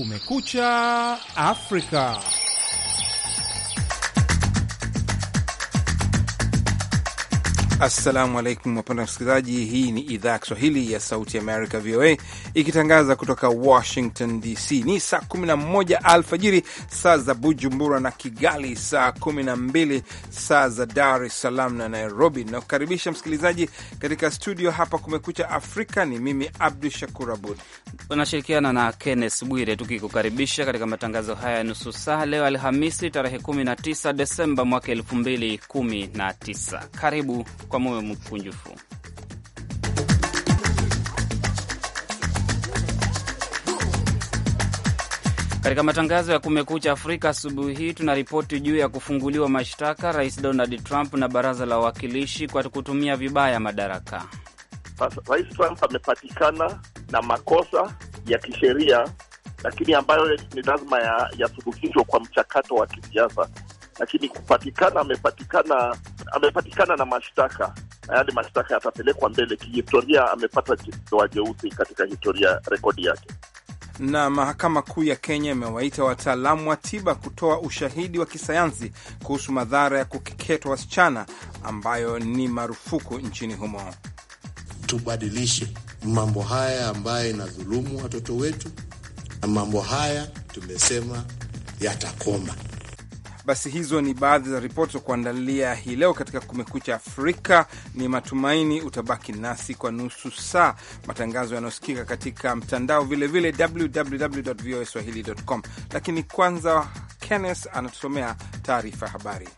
Kumekucha Afrika. Assalamu alaikum wapenda mskilizaji hii ni idhaa ya Kiswahili ya Sauti Amerika, VOA, ikitangaza kutoka Washington DC. Ni saa 11 alfajiri saa za Bujumbura na Kigali, saa 12 saa za Dar es Salaam na Nairobi. Nakukaribisha msikilizaji katika studio hapa Kumekucha Afrika. Ni mimi Abdu Shakur Abud, unashirikiana na Kennes Bwire tukikukaribisha katika matangazo haya ya nusu saa leo Alhamisi tarehe 19 Desemba mwaka 2019. Karibu kwa moyo mkunjufu. Katika matangazo ya Kumekucha Afrika asubuhi hii tuna ripoti juu ya kufunguliwa mashtaka Rais Donald Trump na baraza la wawakilishi kwa kutumia vibaya madaraka. Rais Trump amepatikana na makosa ya kisheria, lakini ambayo ni lazima yasuluhishwa ya kwa mchakato wa kisiasa, lakini kupatikana, amepatikana amepatikana na mashtaka na yale mashtaka yatapelekwa mbele. Kihistoria amepata doa jeusi katika historia rekodi yake. Na mahakama kuu ya Kenya imewaita wataalamu wa tiba kutoa ushahidi wa kisayansi kuhusu madhara ya kukeketwa wasichana ambayo ni marufuku nchini humo. Tubadilishe mambo haya ambayo inadhulumu watoto wetu, na mambo haya tumesema yatakoma. Basi hizo ni baadhi za ripoti za kuandalia hii leo katika Kumekucha Afrika. Ni matumaini utabaki nasi kwa nusu saa, matangazo yanayosikika katika mtandao vilevile, www voa swahili com. Lakini kwanza, Kenneth anatusomea taarifa ya habari.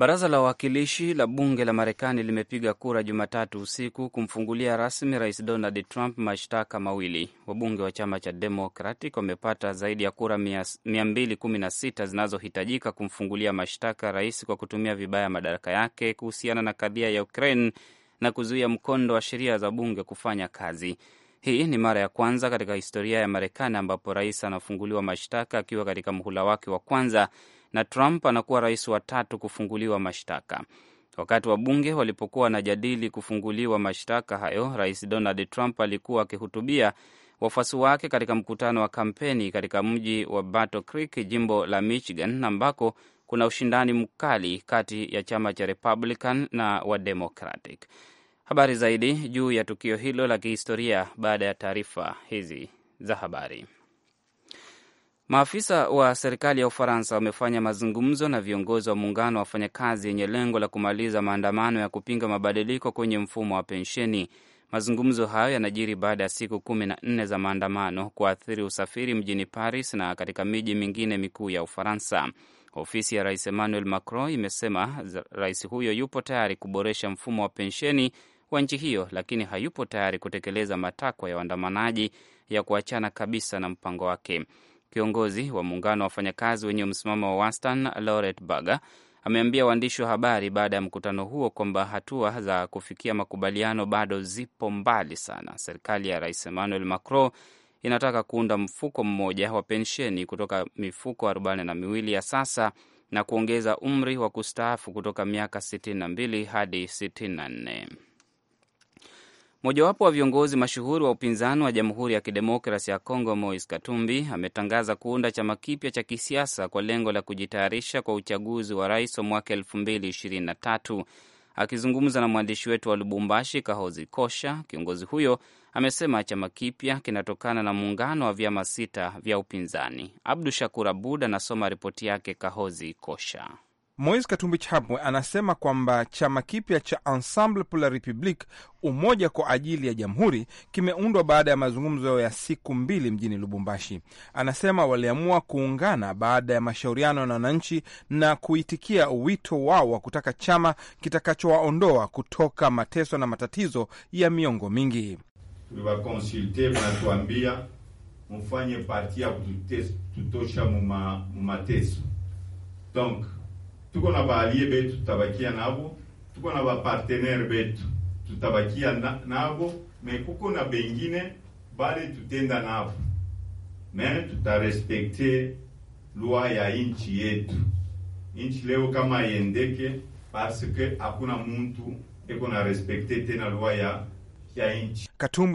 Baraza la Wawakilishi la bunge la Marekani limepiga kura Jumatatu usiku kumfungulia rasmi Rais Donald Trump mashtaka mawili. Wabunge wa chama cha Democratic wamepata zaidi ya kura 216 zinazohitajika kumfungulia mashtaka rais kwa kutumia vibaya madaraka yake kuhusiana na kadhia ya Ukraine na kuzuia mkondo wa sheria za bunge kufanya kazi. Hii ni mara ya kwanza katika historia ya Marekani ambapo rais anafunguliwa mashtaka akiwa katika mhula wake wa kwanza na Trump anakuwa rais wa tatu kufunguliwa mashtaka. Wakati wa bunge walipokuwa wanajadili kufunguliwa mashtaka hayo, rais Donald Trump alikuwa akihutubia wafuasi wake katika mkutano wa kampeni katika mji wa Battle Creek, jimbo la Michigan, ambako kuna ushindani mkali kati ya chama cha Republican na wa Democratic. Habari zaidi juu ya tukio hilo la kihistoria baada ya taarifa hizi za habari. Maafisa wa serikali ya Ufaransa wamefanya mazungumzo na viongozi wa muungano wa wafanyakazi yenye lengo la kumaliza maandamano ya kupinga mabadiliko kwenye mfumo wa pensheni. Mazungumzo hayo yanajiri baada ya siku kumi na nne za maandamano kuathiri usafiri mjini Paris na katika miji mingine mikuu ya Ufaransa. Ofisi ya rais Emmanuel Macron imesema rais huyo yupo tayari kuboresha mfumo wa pensheni wa nchi hiyo, lakini hayupo tayari kutekeleza matakwa ya waandamanaji ya kuachana kabisa na mpango wake. Kiongozi wa muungano wa wafanyakazi wenye msimamo wa wastan Laurent Berger ameambia waandishi wa habari baada ya mkutano huo kwamba hatua za kufikia makubaliano bado zipo mbali sana. Serikali ya Rais Emmanuel Macron inataka kuunda mfuko mmoja wa pensheni kutoka mifuko arobaini na miwili ya sasa na kuongeza umri wa kustaafu kutoka miaka 62 hadi 64. Mojawapo wa viongozi mashuhuri wa upinzani wa Jamhuri ya Kidemokrasi ya Kongo, mois Katumbi, ametangaza kuunda chama kipya cha kisiasa kwa lengo la kujitayarisha kwa uchaguzi wa rais wa mwaka elfu mbili ishirini na tatu. Akizungumza na mwandishi wetu wa Lubumbashi, Kahozi Kosha, kiongozi huyo amesema chama kipya kinatokana na muungano wa vyama sita vya upinzani. Abdu Shakur Abud anasoma ripoti yake. Kahozi Kosha. Moise Katumbi Chapwe anasema kwamba chama kipya cha Ensemble pour la Republique, umoja kwa ajili ya jamhuri, kimeundwa baada ya mazungumzo ya siku mbili mjini Lubumbashi. Anasema waliamua kuungana baada ya mashauriano na wananchi na kuitikia wito wao wa kutaka chama kitakachowaondoa kutoka mateso na matatizo ya miongo mingi. Tuliwakonsulte, wanatuambia parti ya kututosha mumateso donc tuko na baalie betu tutabakia nabo, tuko na bapartenere betu tutabakia nabo, me kuko na bengine bale tutenda nabo, me tutarespekte lua ya inchi yetu. Inchi leo kama yendeke parce que hakuna muntu eko na respekte tena lua ya ya nchi.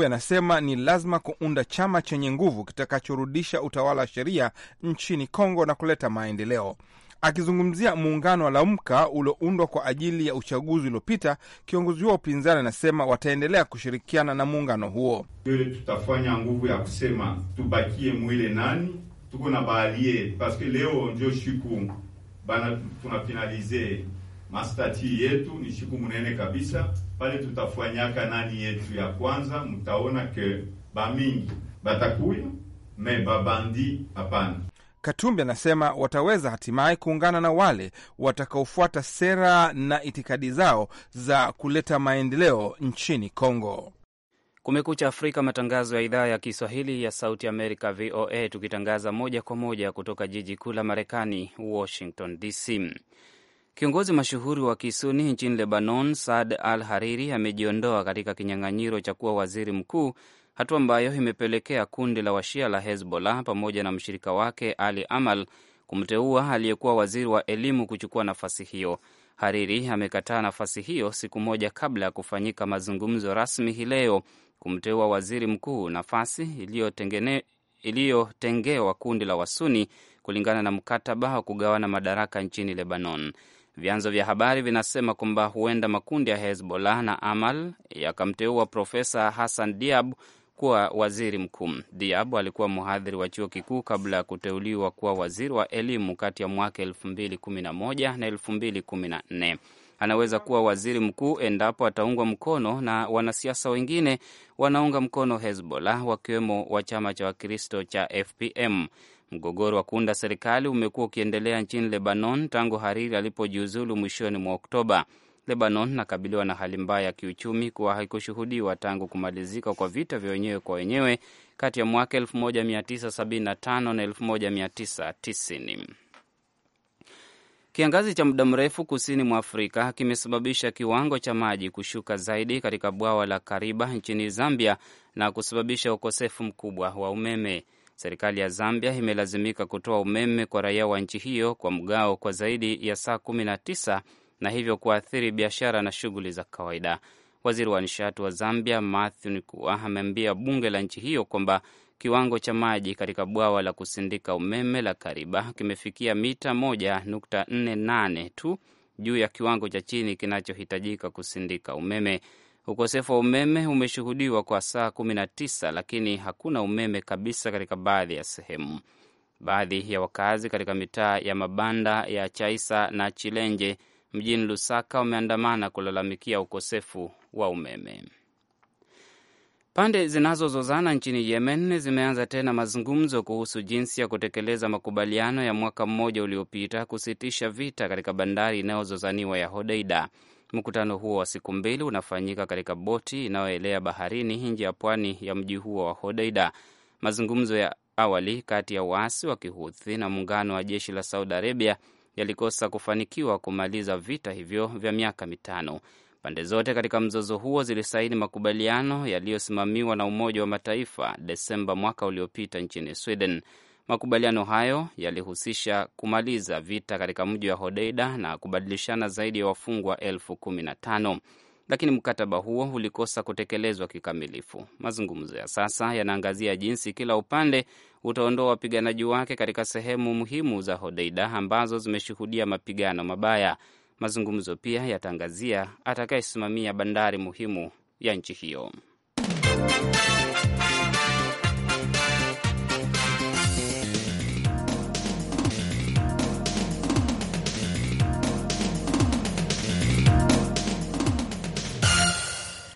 anasema ni lazima kuunda chama chenye nguvu kitakachorudisha utawala wa sheria nchini Kongo na kuleta maendeleo. Akizungumzia muungano wa Laumka ulioundwa kwa ajili ya uchaguzi uliopita, kiongozi huo wa upinzani anasema wataendelea kushirikiana na muungano huo. Ile tutafanya nguvu ya kusema tubakie mwile nani tuko na baalie paske leo njo shiku bana tunafinalize mastati yetu, ni shiku munene kabisa pale. Tutafanyaka nani yetu ya kwanza, mtaona ke bamingi batakuya me babandi hapana. Katumbi anasema wataweza hatimaye kuungana na wale watakaofuata sera na itikadi zao za kuleta maendeleo nchini Kongo. Kumekucha Afrika, matangazo ya idhaa ya Kiswahili ya Sauti Amerika, VOA, tukitangaza moja kwa moja kutoka jiji kuu la Marekani, Washington DC. Kiongozi mashuhuri wa kisuni nchini Lebanon, Saad al Hariri, amejiondoa katika kinyang'anyiro cha kuwa waziri mkuu hatua ambayo imepelekea kundi la washia la Hezbollah pamoja na mshirika wake Ali Amal kumteua aliyekuwa waziri wa elimu kuchukua nafasi hiyo. Hariri amekataa nafasi hiyo siku moja kabla ya kufanyika mazungumzo rasmi hii leo kumteua waziri mkuu, nafasi iliyotengewa kundi la Wasuni kulingana na mkataba wa kugawana madaraka nchini Lebanon. Vyanzo vya habari vinasema kwamba huenda makundi ya Hezbollah na Amal yakamteua Profesa Hassan Diab kuwa waziri mkuu. Diab alikuwa mhadhiri wa chuo kikuu kabla ya kuteuliwa kuwa waziri wa elimu kati ya mwaka elfu mbili kumi na moja na elfu mbili kumi na nne. Anaweza kuwa waziri mkuu endapo ataungwa mkono na wanasiasa wengine wanaunga mkono Hezbollah, wakiwemo wa chama cha Wakristo cha FPM. Mgogoro wa kuunda serikali umekuwa ukiendelea nchini Lebanon tangu Hariri alipojiuzulu mwishoni mwa Oktoba. Lebanon nakabiliwa na hali mbaya ya kiuchumi kuwa haikushuhudiwa tangu kumalizika kwa vita vya wenyewe kwa wenyewe kati ya mwaka 1975 na 1990. Kiangazi cha muda mrefu kusini mwa Afrika kimesababisha kiwango cha maji kushuka zaidi katika bwawa la Kariba nchini Zambia na kusababisha ukosefu mkubwa wa umeme. Serikali ya Zambia imelazimika kutoa umeme kwa raia wa nchi hiyo kwa mgao kwa zaidi ya saa 19 na hivyo kuathiri biashara na shughuli za kawaida. Waziri wa nishati wa Zambia Matthew Nikua ameambia bunge la nchi hiyo kwamba kiwango cha maji katika bwawa la kusindika umeme la Kariba kimefikia mita 1.48 tu juu ya kiwango cha chini kinachohitajika kusindika umeme. Ukosefu wa umeme umeshuhudiwa kwa saa 19 lakini hakuna umeme kabisa katika baadhi ya sehemu. Baadhi ya wakazi katika mitaa ya mabanda ya Chaisa na Chilenje mjini Lusaka wameandamana kulalamikia ukosefu wa umeme. Pande zinazozozana nchini Yemen zimeanza tena mazungumzo kuhusu jinsi ya kutekeleza makubaliano ya mwaka mmoja uliopita kusitisha vita katika bandari inayozozaniwa ya Hodeida. Mkutano huo wa siku mbili unafanyika katika boti inayoelea baharini nje ya pwani ya mji huo wa Hodeida. Mazungumzo ya awali kati ya waasi wa Kihuthi na muungano wa jeshi la Saudi Arabia yalikosa kufanikiwa kumaliza vita hivyo vya miaka mitano. Pande zote katika mzozo huo zilisaini makubaliano yaliyosimamiwa na Umoja wa Mataifa Desemba mwaka uliopita nchini Sweden. Makubaliano hayo yalihusisha kumaliza vita katika mji wa Hodeida na kubadilishana zaidi ya wafungwa elfu kumi na tano lakini mkataba huo ulikosa kutekelezwa kikamilifu. Mazungumzo ya sasa yanaangazia jinsi kila upande utaondoa wapiganaji wake katika sehemu muhimu za Hodeida ambazo zimeshuhudia mapigano mabaya. Mazungumzo pia yataangazia atakayesimamia bandari muhimu ya nchi hiyo.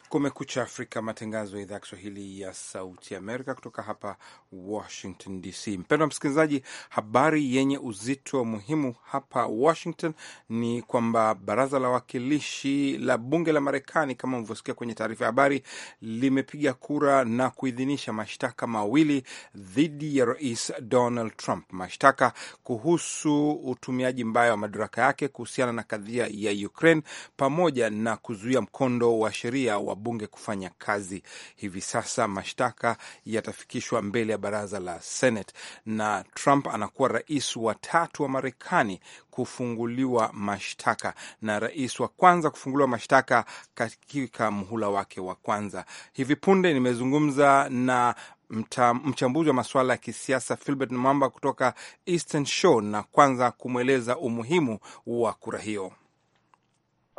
Kumekucha Afrika, matangazo ya idhaa ya Kiswahili ya Sauti Amerika kutoka hapa Washington DC. Mpendwa msikilizaji, habari yenye uzito muhimu hapa Washington ni kwamba baraza la wawakilishi la bunge la Marekani, kama mlivyosikia kwenye taarifa ya habari, limepiga kura na kuidhinisha mashtaka mawili dhidi ya Rais Donald Trump, mashtaka kuhusu utumiaji mbaya wa madaraka yake kuhusiana na kadhia ya Ukraine pamoja na kuzuia mkondo wa sheria wa wabunge kufanya kazi hivi sasa. Mashtaka yatafikishwa mbele ya baraza la Senate na Trump anakuwa rais wa tatu wa Marekani kufunguliwa mashtaka na rais wa kwanza kufunguliwa mashtaka katika mhula wake wa kwanza. Hivi punde nimezungumza na mta, mchambuzi wa masuala ya kisiasa filbert Mamba kutoka Eastern Show na kwanza kumweleza umuhimu wa kura hiyo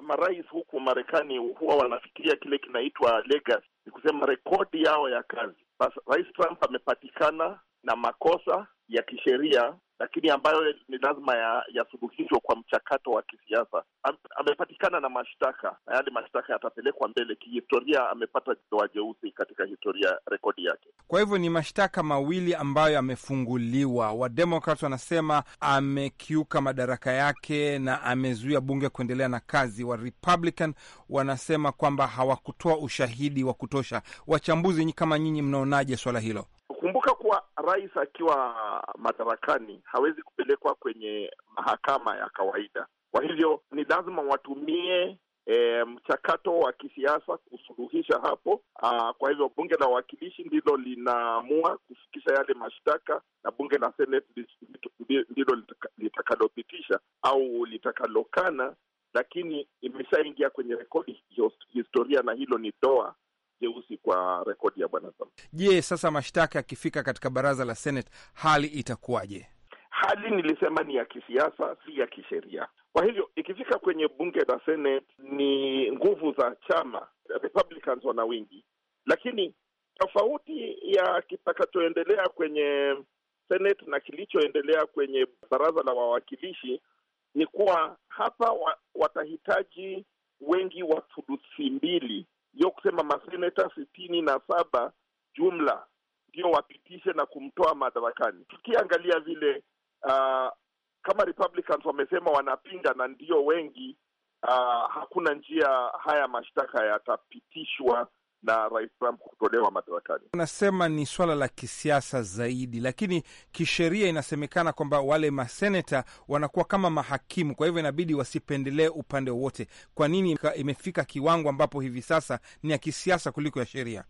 marais huku Marekani huwa wanafikiria kile kinaitwa legacy, ni kusema rekodi yao ya kazi. Bas, Rais Trump amepatikana na makosa ya kisheria lakini ambayo ni lazima yasuluhishwa ya kwa mchakato wa kisiasa. Am, amepatikana na mashtaka na yale mashtaka yatapelekwa mbele. Kihistoria amepata doa jeusi katika historia rekodi yake. Kwa hivyo ni mashtaka mawili ambayo amefunguliwa. Wademokrat wanasema amekiuka madaraka yake na amezuia bunge kuendelea na kazi. Wa Republican wanasema kwamba hawakutoa ushahidi wa kutosha. Wachambuzi kama nyinyi, mnaonaje swala hilo? Kumbuka kuwa rais akiwa madarakani hawezi kupelekwa kwenye mahakama ya kawaida. Kwa hivyo ni lazima watumie E, mchakato wa kisiasa kusuluhisha hapo. Aa, kwa hivyo bunge la wakilishi ndilo linaamua kufikisha yale mashtaka na bunge la seneti ndilo litakalopitisha au litakalokana, lakini imeshaingia kwenye rekodi historia, na hilo ni doa jeusi kwa rekodi ya bwana Trump. Je, sasa mashtaka yakifika katika baraza la Senate hali itakuwaje? Hali nilisema ni ya kisiasa, si ya kisheria. Kwa hivyo ikifika kwenye bunge la Senate ni nguvu za chama Republicans wana wingi, lakini tofauti ya kitakachoendelea kwenye Senate na kilichoendelea kwenye baraza la wawakilishi ni kuwa hapa watahitaji wengi wa thuluthi mbili ndio kusema maseneta sitini na saba jumla ndio wapitishe na kumtoa madarakani. Tukiangalia vile uh, kama Republicans wamesema wanapinga na ndio wengi uh, hakuna njia haya mashtaka yatapitishwa na Rais Trump kutolewa madarakani. Unasema ni swala la kisiasa zaidi, lakini kisheria inasemekana kwamba wale maseneta wanakuwa kama mahakimu, kwa hivyo inabidi wasipendelee upande wowote. Kwa nini imefika kiwango ambapo hivi sasa ni ya kisiasa kuliko ya sheria?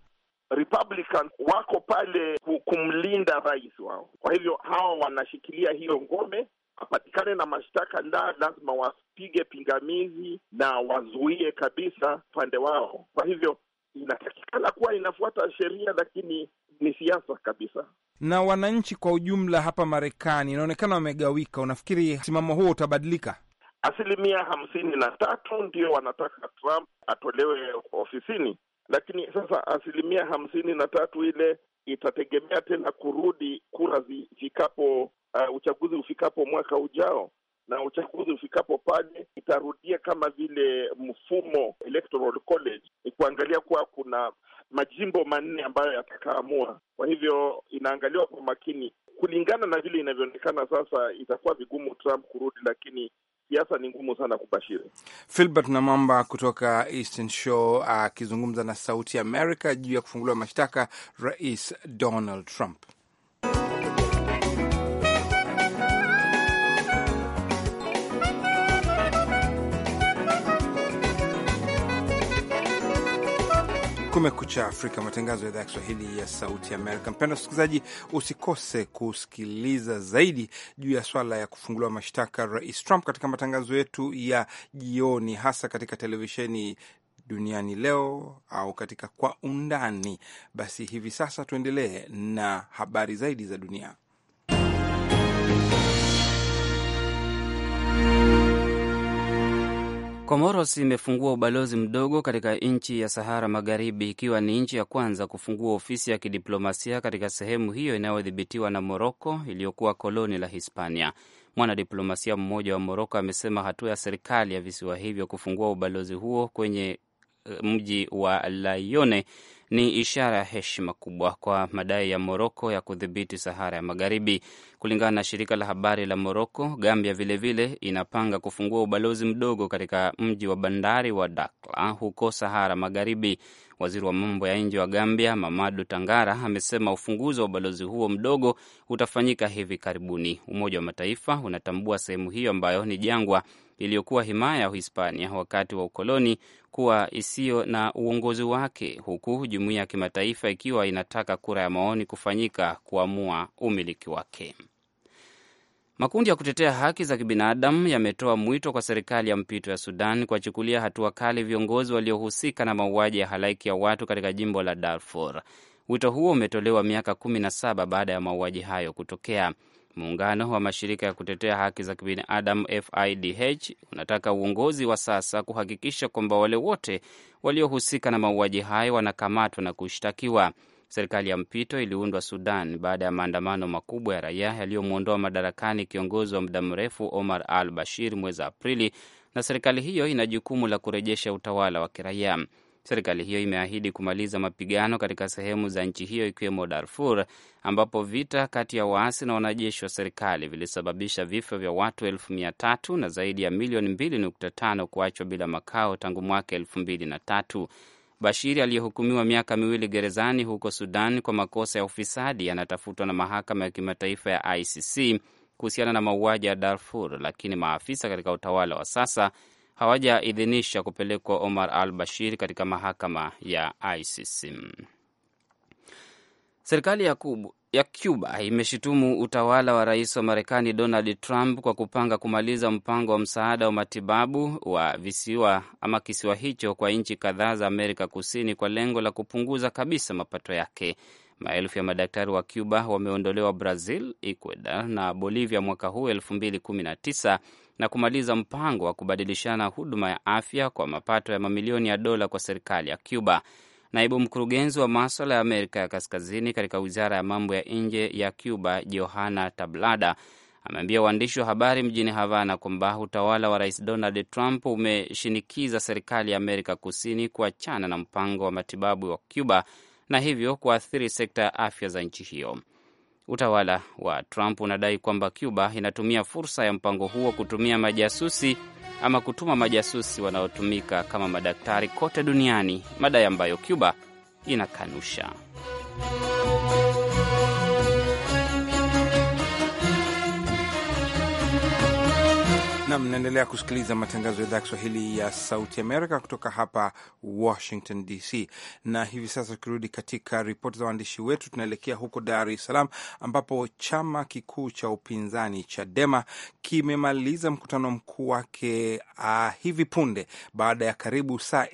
Republican wako pale kumlinda rais wao, kwa hivyo hawa wanashikilia hiyo ngome apatikane na mashtaka nda lazima wapige pingamizi na wazuie kabisa upande wao. Kwa hivyo inatakikana kuwa inafuata sheria, lakini ni siasa kabisa. Na wananchi kwa ujumla hapa Marekani inaonekana wamegawika. Unafikiri msimamo huo utabadilika? Asilimia hamsini na tatu ndio wanataka Trump atolewe ofisini, lakini sasa asilimia hamsini na tatu ile itategemea tena kurudi kura zifikapo, uh, uchaguzi ufikapo mwaka ujao na uchaguzi ufikapo pale itarudia kama vile mfumo electoral college, ni kuangalia kuwa kuna majimbo manne ambayo yatakaamua. Kwa hivyo inaangaliwa kwa makini. Kulingana na vile inavyoonekana sasa, itakuwa vigumu Trump kurudi, lakini siasa ni ngumu sana kubashiri. Filbert namamba kutoka Eastern Shore akizungumza na Sauti Amerika juu ya kufunguliwa mashtaka Rais Donald Trump. Kumekucha Afrika, matangazo ya idhaa ya Kiswahili ya Sauti Amerika. Mpendwa msikilizaji, usikose kusikiliza zaidi juu ya swala ya kufunguliwa mashtaka Rais Trump katika matangazo yetu ya jioni, hasa katika televisheni Duniani Leo au katika Kwa Undani. Basi hivi sasa tuendelee na habari zaidi za dunia. Comoros imefungua ubalozi mdogo katika nchi ya Sahara Magharibi, ikiwa ni nchi ya kwanza kufungua ofisi ya kidiplomasia katika sehemu hiyo inayodhibitiwa na Moroko iliyokuwa koloni la Hispania. Mwanadiplomasia mmoja wa Moroko amesema hatua ya serikali ya visiwa hivyo kufungua ubalozi huo kwenye eh, mji wa Layone ni ishara ya heshima kubwa kwa madai ya Moroko ya kudhibiti Sahara ya Magharibi. Kulingana na shirika la habari la Moroko, Gambia vilevile vile inapanga kufungua ubalozi mdogo katika mji wa bandari wa Dakla huko Sahara Magharibi. Waziri wa mambo ya nje wa Gambia, Mamadu Tangara, amesema ufunguzi wa ubalozi huo mdogo utafanyika hivi karibuni. Umoja wa Mataifa unatambua sehemu hiyo ambayo ni jangwa iliyokuwa himaya ya Uhispania wakati wa ukoloni kuwa isiyo na uongozi wake, huku jumuiya ya kimataifa ikiwa inataka kura ya maoni kufanyika kuamua umiliki wake. Makundi ya kutetea haki za kibinadamu yametoa mwito kwa serikali ya mpito ya Sudan kuwachukulia hatua kali viongozi waliohusika na mauaji ya halaiki ya watu katika jimbo la Darfur. Wito huo umetolewa miaka kumi na saba baada ya mauaji hayo kutokea. Muungano wa mashirika ya kutetea haki za kibinadamu FIDH unataka uongozi wa sasa kuhakikisha kwamba wale wote waliohusika na mauaji hayo wanakamatwa na kushtakiwa. Serikali ya mpito iliundwa Sudan baada ya maandamano makubwa ya raia yaliyomwondoa madarakani kiongozi wa muda mrefu Omar al Bashir mwezi Aprili, na serikali hiyo ina jukumu la kurejesha utawala wa kiraia. Serikali hiyo imeahidi kumaliza mapigano katika sehemu za nchi hiyo ikiwemo Darfur, ambapo vita kati ya waasi na wanajeshi wa serikali vilisababisha vifo vya watu elfu mia tatu na zaidi ya milioni mbili nukta tano kuachwa bila makao tangu mwaka elfu mbili na tatu. Bashiri aliyehukumiwa miaka miwili gerezani huko Sudan kwa makosa ya ufisadi anatafutwa na mahakama ya kimataifa ya ICC kuhusiana na mauaji ya Darfur, lakini maafisa katika utawala wa sasa hawajaidhinisha kupelekwa Omar al Bashir katika mahakama ya ICC. Serikali ya Kubu ya Cuba imeshitumu utawala wa rais wa Marekani Donald Trump kwa kupanga kumaliza mpango wa msaada wa matibabu wa visiwa ama kisiwa hicho kwa nchi kadhaa za Amerika Kusini kwa lengo la kupunguza kabisa mapato yake. Maelfu ya madaktari wa Cuba wameondolewa Brazil, Ecuador na Bolivia mwaka huu 2019 na kumaliza mpango wa kubadilishana huduma ya afya kwa mapato ya mamilioni ya dola kwa serikali ya Cuba. Naibu mkurugenzi wa maswala ya Amerika ya Kaskazini katika wizara ya mambo ya nje ya Cuba, Johana Tablada, ameambia waandishi wa habari mjini Havana kwamba utawala wa Rais Donald Trump umeshinikiza serikali ya Amerika Kusini kuachana na mpango wa matibabu wa Cuba na hivyo kuathiri sekta ya afya za nchi hiyo. Utawala wa Trump unadai kwamba Cuba inatumia fursa ya mpango huo kutumia majasusi ama kutuma majasusi wanaotumika kama madaktari kote duniani, madai ambayo Cuba inakanusha. na mnaendelea kusikiliza matangazo ya idhaa ya Kiswahili ya Sauti Amerika kutoka hapa Washington DC. Na hivi sasa tukirudi katika ripoti za waandishi wetu, tunaelekea huko Dar es Salaam ambapo chama kikuu cha upinzani Chadema kimemaliza mkutano mkuu wake uh, hivi punde baada ya karibu saa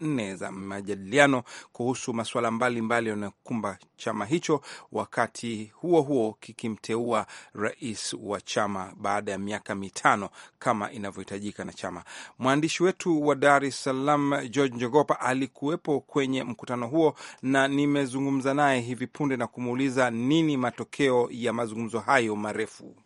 nne za majadiliano kuhusu masuala mbalimbali yanayokumba chama hicho, wakati huo huo kikimteua rais wa chama baada ya miaka mitano kama inavyohitajika na chama. Mwandishi wetu wa Dar es Salaam George Njogopa alikuwepo kwenye mkutano huo na nimezungumza naye hivi punde na kumuuliza nini matokeo ya mazungumzo hayo marefu.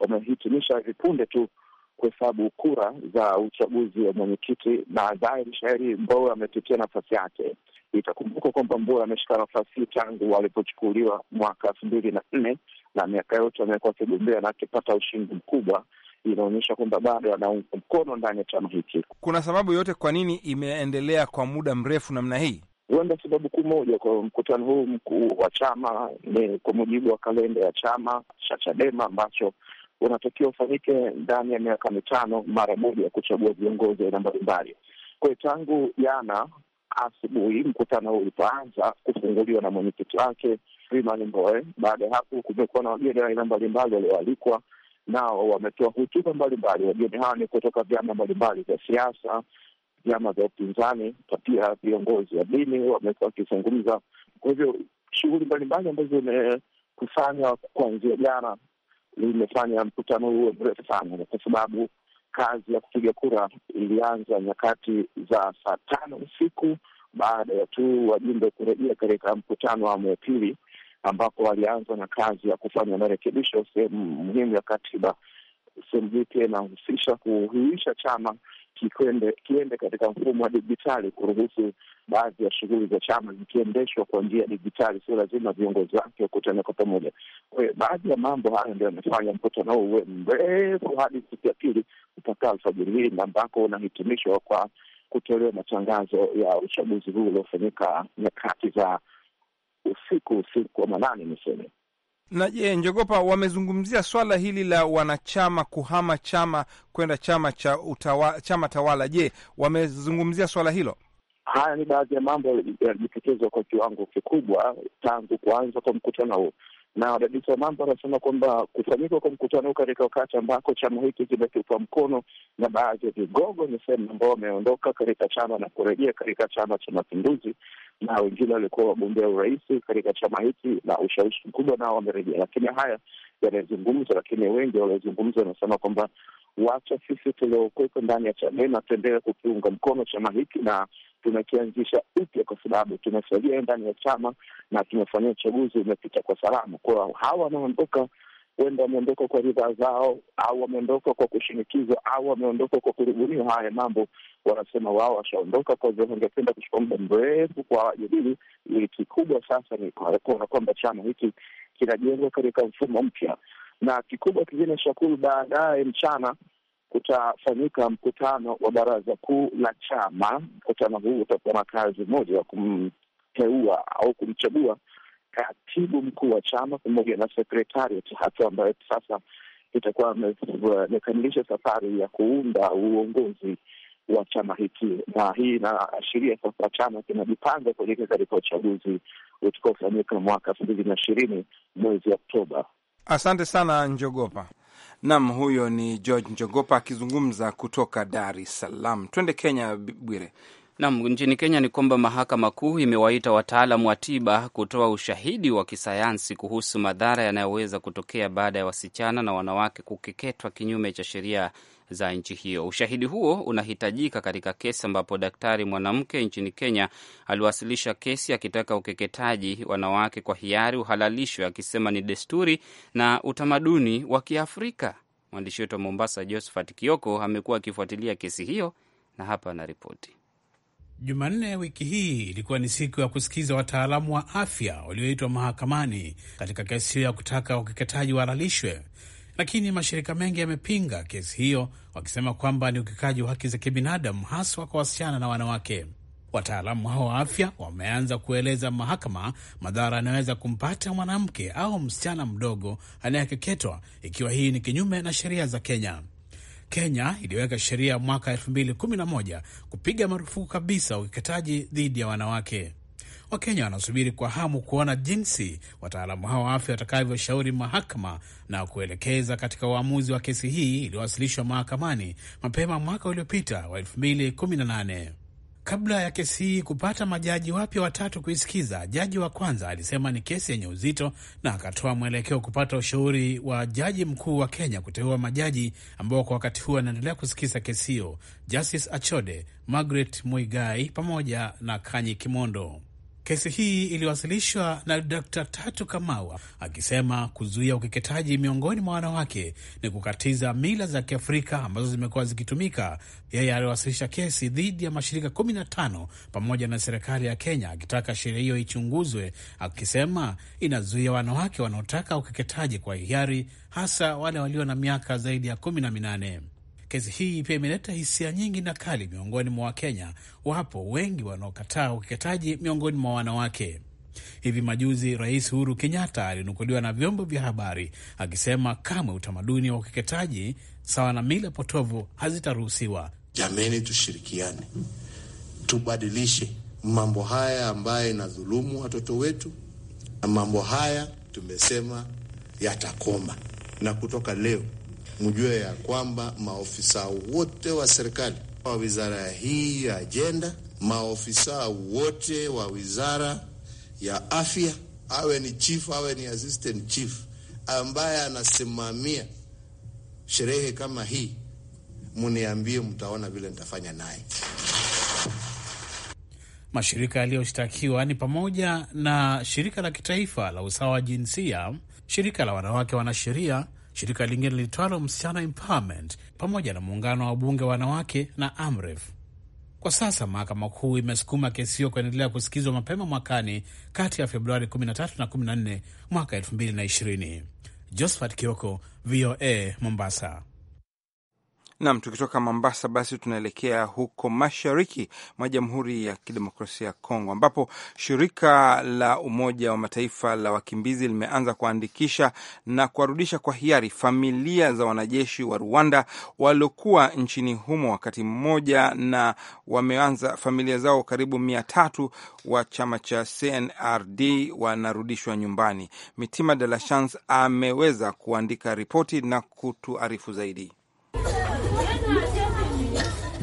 Wamehitimisha hivi punde tu kuhesabu kura za uchaguzi wa mwenyekiti na dhahiri shahiri Mbowe ametetea nafasi yake. Itakumbuka kwamba Mbowe ameshika nafasi hii tangu alipochukuliwa mwaka elfu mbili na nne na miaka yote amekuwa akigombea na akipata ushindi mkubwa, inaonyesha kwamba bado wanaunga mkono ndani ya chama hiki. Kuna sababu yote kwa nini imeendelea kwa muda mrefu namna hii? Huenda sababu kuu moja kwa mkutano huu mkuu wa chama ni kwa mujibu wa kalenda ya chama cha Chadema ambacho unatakiwa ufanyike ndani ya miaka mitano mara moja ya kuchagua viongozi aina mbalimbali. Kwa hiyo tangu jana asubuhi mkutano huu ulipoanza kufunguliwa na mwenyekiti wake Freeman Mbowe, baada ya hapo kumekuwa na wageni wa aina mbalimbali walioalikwa nao wametoa hotuba mbalimbali. Wageni hawa ni kutoka vyama mbalimbali vya siasa, vyama vya upinzani na pia viongozi wa dini wamekuwa wakizungumza. Kwa hivyo shughuli mbalimbali ambazo zimekusanywa kuanzia jana limefanya mkutano huo mrefu sana, kwa sababu kazi ya kupiga kura ilianza nyakati za saa tano usiku baada ya tu wajumbe kurejea katika mkutano wa awamu ya pili ambapo alianza na kazi ya kufanya marekebisho sehemu muhimu ya katiba. Sehemu hii pia inahusisha kuhuisha chama kikwende, kiende katika mfumo wa dijitali, kuruhusu baadhi ya shughuli za chama zikiendeshwa kwa njia ya dijitali, sio lazima viongozi wake wakutane kwa pamoja. Kwa hiyo baadhi ya mambo haya ndio yamefanya mkutano huu uwe mrefu hadi siku ya pili mpaka alfajiri hii, ambako unahitimishwa kwa kutolewa matangazo ya uchaguzi huu uliofanyika nyakati za usiku usiku wa manane niseme. Na je, Njogopa, wamezungumzia swala hili la wanachama kuhama chama kwenda chama cha utawa, chama tawala. Je, wamezungumzia swala hilo? Haya ni baadhi ya mambo yalijitokeza kwa kiwango kikubwa tangu kuanza kwa mkutano huu, na wadadisi wa mambo wanasema kwamba kufanyika kwa mkutano huu katika wakati ambako chama hiki kimetupwa mkono na baadhi ya vigogo sehemu ambao wameondoka katika chama na kurejea katika Chama cha Mapinduzi, na wengine waliokuwa wagombea urais katika chama hiki, na ushawishi mkubwa nao wamerejea. Lakini haya yanayozungumzwa, lakini wengi waliozungumza wanasema kwamba wacha sisi tuliokuweko ndani ya Chadema tuendelee kukiunga mkono chama hiki na tunakianzisha upya, kwa sababu tumesalia ndani ya chama na tumefanyia uchaguzi umepita kwa salama. Kwa hawa wanaondoka huenda wameondoka kwa ridhaa zao, au wameondoka kwa kushinikizwa, au wameondoka kwa kurubuniwa. Haya mambo wanasema wao washaondoka, kwa hivyo wangependa kuchukua muda mrefu kwa wajadili. Kikubwa sasa ni kuona kwamba chama hiki kinajengwa katika mfumo mpya, na kikubwa kingine, Shakuru, baadaye mchana kutafanyika mkutano wa baraza kuu la chama. Mkutano huu utakuwa na kazi moja ya kumteua au kumchagua katibu mkuu wa chama pamoja na sekretariat, hatua ambayo sasa itakuwa amekamilisha safari ya kuunda uongozi wa chama hiki, na hii inaashiria sasa chama kinajipanga kuelekea katika uchaguzi utakaofanyika mwaka elfu mbili na ishirini mwezi Oktoba. Asante sana Njogopa. Nam, huyo ni George Njogopa akizungumza kutoka Dar es Salaam. Twende Kenya, Bwire. Nam, nchini Kenya ni kwamba mahakama kuu imewaita wataalam wa tiba kutoa ushahidi wa kisayansi kuhusu madhara yanayoweza kutokea baada ya wasichana na wanawake kukeketwa kinyume cha sheria za nchi hiyo. Ushahidi huo unahitajika katika kesi ambapo daktari mwanamke nchini Kenya aliwasilisha kesi akitaka ukeketaji wanawake kwa hiari uhalalishwe, akisema ni desturi na utamaduni wa Kiafrika. Mwandishi wetu wa Mombasa, Josephat Kioko, amekuwa akifuatilia kesi hiyo na hapa anaripoti. Jumanne wiki hii ilikuwa ni siku ya kusikiza wataalamu wa afya walioitwa mahakamani katika kesi hiyo ya kutaka ukeketaji wahalalishwe, lakini mashirika mengi yamepinga kesi hiyo, wakisema kwamba ni ukekaji wa haki za kibinadamu, haswa kwa wasichana na wanawake. Wataalamu hao wa afya wameanza kueleza mahakama madhara yanayoweza kumpata mwanamke au msichana mdogo anayekeketwa, ikiwa hii ni kinyume na sheria za Kenya. Kenya iliweka sheria mwaka 2011 kupiga marufuku kabisa ukeketaji dhidi ya wanawake. Wakenya wanasubiri kwa hamu kuona jinsi wataalamu hao wa afya watakavyoshauri mahakama na kuelekeza katika uamuzi wa kesi hii iliyowasilishwa mahakamani mapema mwaka uliopita wa 2018. Kabla ya kesi hii kupata majaji wapya watatu kuisikiza, jaji wa kwanza alisema ni kesi yenye uzito na akatoa mwelekeo kupata ushauri wa jaji mkuu wa Kenya kuteua majaji ambao kwa wakati huu anaendelea kusikiza kesi hiyo, Justice Achode, Margaret Muigai pamoja na Kanyi Kimondo. Kesi hii iliwasilishwa na Dr. Tatu Kamawa akisema kuzuia ukeketaji miongoni mwa wanawake ni kukatiza mila za Kiafrika ambazo zimekuwa zikitumika. Yeye aliwasilisha kesi dhidi ya mashirika 15 pamoja na serikali ya Kenya akitaka sheria hiyo ichunguzwe, akisema inazuia wanawake wanaotaka ukeketaji kwa hiari, hasa wale walio na miaka zaidi ya kumi na minane. Kesi hii pia imeleta hisia nyingi na kali miongoni mwa Wakenya. Wapo wengi wanaokataa ukeketaji miongoni mwa wanawake. Hivi majuzi Rais Uhuru Kenyatta alinukuliwa na vyombo vya habari akisema kamwe utamaduni wa ukeketaji sawa na mila potovu hazitaruhusiwa. Jameni, tushirikiane, tubadilishe mambo haya ambayo inadhulumu watoto wetu, na mambo haya tumesema yatakoma, na kutoka leo mjue ya kwamba maofisa wote wa serikali wa wizara hii ya ajenda, maofisa wote wa wizara ya afya, awe ni chief, awe ni assistant chief, ambaye anasimamia sherehe kama hii, mniambie, mtaona vile nitafanya naye. Mashirika yaliyoshtakiwa ni pamoja na shirika la kitaifa la usawa wa jinsia, shirika la wanawake wanasheria shirika lingine litwalo Msichana Empowerment pamoja na muungano wa bunge wa wanawake na Amref. Kwa sasa mahakama kuu imesukuma kesi hiyo kuendelea kusikizwa mapema mwakani kati ya Februari 13 na 14 mwaka 2020. Josephat Kioko, VOA, Mombasa. Nam, tukitoka Mombasa basi tunaelekea huko mashariki mwa Jamhuri ya Kidemokrasia ya Kongo, ambapo shirika la Umoja wa Mataifa la wakimbizi limeanza kuandikisha na kuwarudisha kwa hiari familia za wanajeshi wa Rwanda waliokuwa nchini humo wakati mmoja, na wameanza familia zao karibu mia tatu wa chama cha CNRD wanarudishwa nyumbani. Mitima de la Chance ameweza kuandika ripoti na kutuarifu zaidi.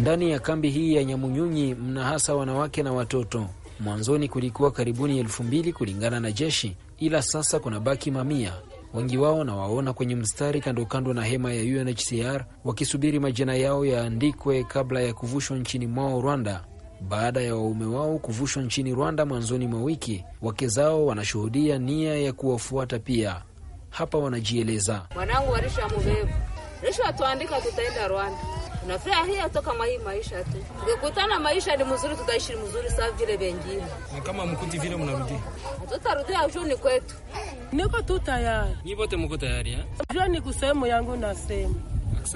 Ndani ya kambi hii ya Nyamunyunyi mna hasa wanawake na watoto. Mwanzoni kulikuwa karibuni elfu mbili kulingana na jeshi, ila sasa kuna baki mamia. Wengi wao nawaona kwenye mstari kando kando na hema ya UNHCR wakisubiri majina yao yaandikwe kabla ya kuvushwa nchini mwao Rwanda. Baada ya waume wao kuvushwa nchini Rwanda mwanzoni mwa wiki, wake zao wanashuhudia nia ya kuwafuata pia. Hapa wanajieleza: mwanangu warisha mubevu tutaenda Rwanda tunafurahia toka mwa hii maisha tu. Tukikutana maisha ni mzuri, tutaishi mzuri sawa vile vengine, na kama mkuti vile mnarudia, hatutarudia juu ni kwetu. Niko tu tayari, Ni bote mko tayari eh? Jua ni kusema yangu na nasema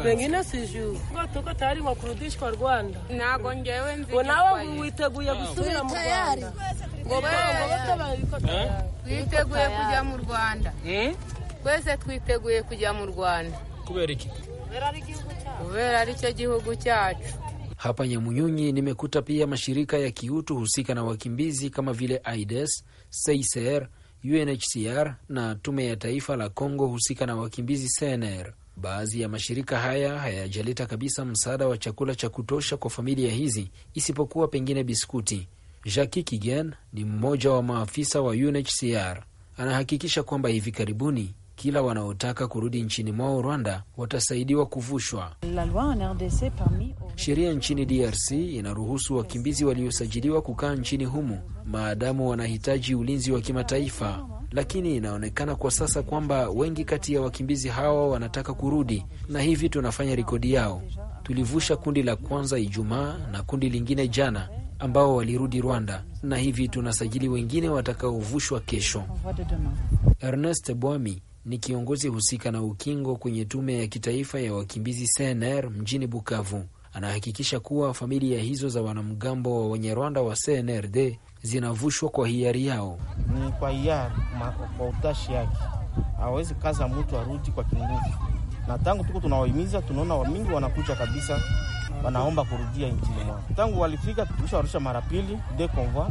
wengine sijuu tuko tayari kurudisha kwa Rwanda, nago ngewe nzima nawe witeguye gusubira mu Rwanda, twiteguye kuja mu Rwanda, Eh? Hmm? Kwese twiteguye kuja mu Rwanda kubera iki? kubera gihugu Hapa Nyamunyunyi nimekuta pia mashirika ya kiutu husika na wakimbizi kama vile ides CICR, e UNHCR na tume ya taifa la congo husika na wakimbizi CNR. Baadhi ya mashirika haya hayajaleta kabisa msaada wa chakula cha kutosha kwa familia hizi isipokuwa pengine biskuti. Jackie Kigen ni mmoja wa maafisa wa UNHCR, anahakikisha kwamba hivi karibuni kila wanaotaka kurudi nchini mwao Rwanda watasaidiwa kuvushwa. Sheria nchini DRC inaruhusu wakimbizi waliosajiliwa kukaa nchini humo maadamu wanahitaji ulinzi wa kimataifa, lakini inaonekana kwa sasa kwamba wengi kati ya wakimbizi hawa wanataka kurudi, na hivi tunafanya rekodi yao. Tulivusha kundi la kwanza Ijumaa na kundi lingine jana ambao walirudi Rwanda na hivi tunasajili wengine watakaovushwa kesho. Ernest Bwami, ni kiongozi husika na ukingo kwenye tume ya kitaifa ya wakimbizi CNR mjini Bukavu. Anahakikisha kuwa familia hizo za wanamgambo wa wenye Rwanda wa CNRD zinavushwa kwa hiari yao. Ni kwa hiari, kwa utashi yake, hawezi kaza mtu arudi kwa kinguvu. Na tangu tuko tunawahimiza, tunaona wamingi wanakuja kabisa, wanaomba kurudia nchini mwao. Tangu walifika tulishawarusha mara pili de convoi,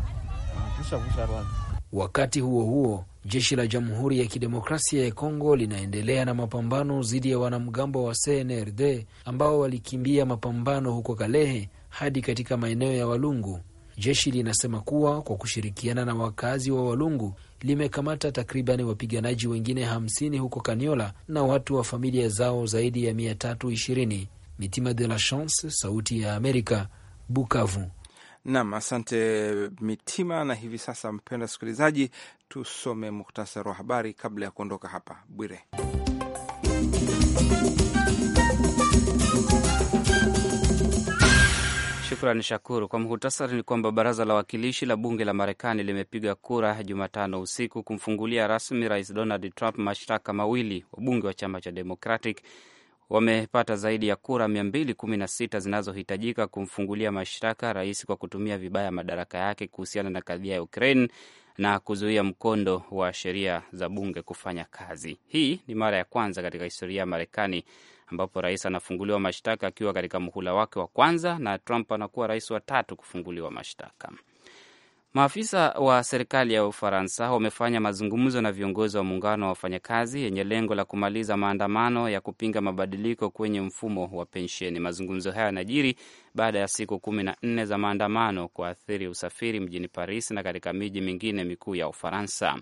tushavusha Rwanda. Wakati huo huo Jeshi la Jamhuri ya Kidemokrasia ya Kongo linaendelea na mapambano dhidi ya wanamgambo wa CNRD ambao walikimbia mapambano huko Kalehe hadi katika maeneo ya Walungu. Jeshi linasema kuwa kwa kushirikiana na wakazi wa Walungu limekamata takribani wapiganaji wengine 50 huko Kaniola na watu wa familia zao zaidi ya 320. Mitima de la Chance, Sauti ya Amerika, Bukavu. Nam, asante Mitima. Na hivi sasa, mpenda msikilizaji, tusome muktasari wa habari kabla ya kuondoka hapa. Bwire shukran Shakuru. Kwa muhtasari ni kwamba baraza la wakilishi la bunge la Marekani limepiga kura Jumatano usiku kumfungulia rasmi rais Donald Trump mashtaka mawili wabunge wa chama cha Democratic wamepata zaidi ya kura 216 zinazohitajika kumfungulia mashtaka rais kwa kutumia vibaya madaraka yake kuhusiana na kadhia ya Ukraine na kuzuia mkondo wa sheria za bunge kufanya kazi. Hii ni mara ya kwanza katika historia ya Marekani ambapo rais anafunguliwa mashtaka akiwa katika muhula wake wa kwanza, na Trump anakuwa rais wa tatu kufunguliwa mashtaka. Maafisa wa serikali ya Ufaransa wamefanya mazungumzo na viongozi wa muungano wa wafanyakazi yenye lengo la kumaliza maandamano ya kupinga mabadiliko kwenye mfumo wa pensheni. Mazungumzo hayo yanajiri baada ya siku kumi na nne za maandamano kuathiri usafiri mjini Paris na katika miji mingine mikuu ya Ufaransa.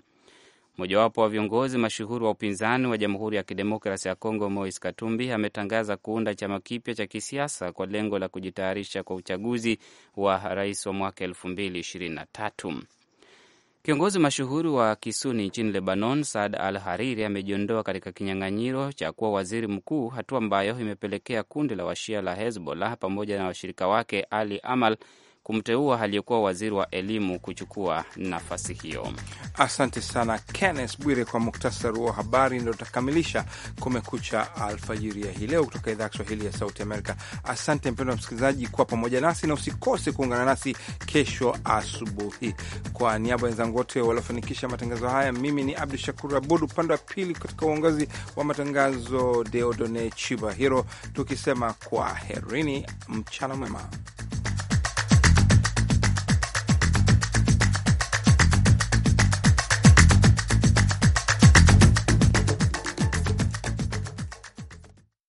Mojawapo wa viongozi mashuhuri wa upinzani wa Jamhuri ya Kidemokrasi ya Kongo, Mois Katumbi, ametangaza kuunda chama kipya cha kisiasa kwa lengo la kujitayarisha kwa uchaguzi wa rais wa mwaka elfu mbili ishirini na tatu. Kiongozi mashuhuri wa kisuni nchini Lebanon, Saad Al Hariri, amejiondoa katika kinyang'anyiro cha kuwa waziri mkuu, hatua ambayo imepelekea kundi la washia la Hezbollah pamoja na washirika wake Ali Amal kumteua aliyekuwa waziri wa elimu kuchukua nafasi hiyo. Asante sana Kenneth Bwire kwa muktasari wa habari. Ndo utakamilisha Kumekucha alfajiri ya hii leo kutoka idhaa ya Kiswahili ya Sauti Amerika. Asante mpendwa msikilizaji kuwa pamoja nasi, na usikose kuungana nasi kesho asubuhi. Kwa niaba ya wenzangu wote waliofanikisha matangazo haya, mimi ni Abdu Shakur Abud, upande wa pili katika uongozi wa matangazo Deodone Chiba Hiro, tukisema herini mchana mwema.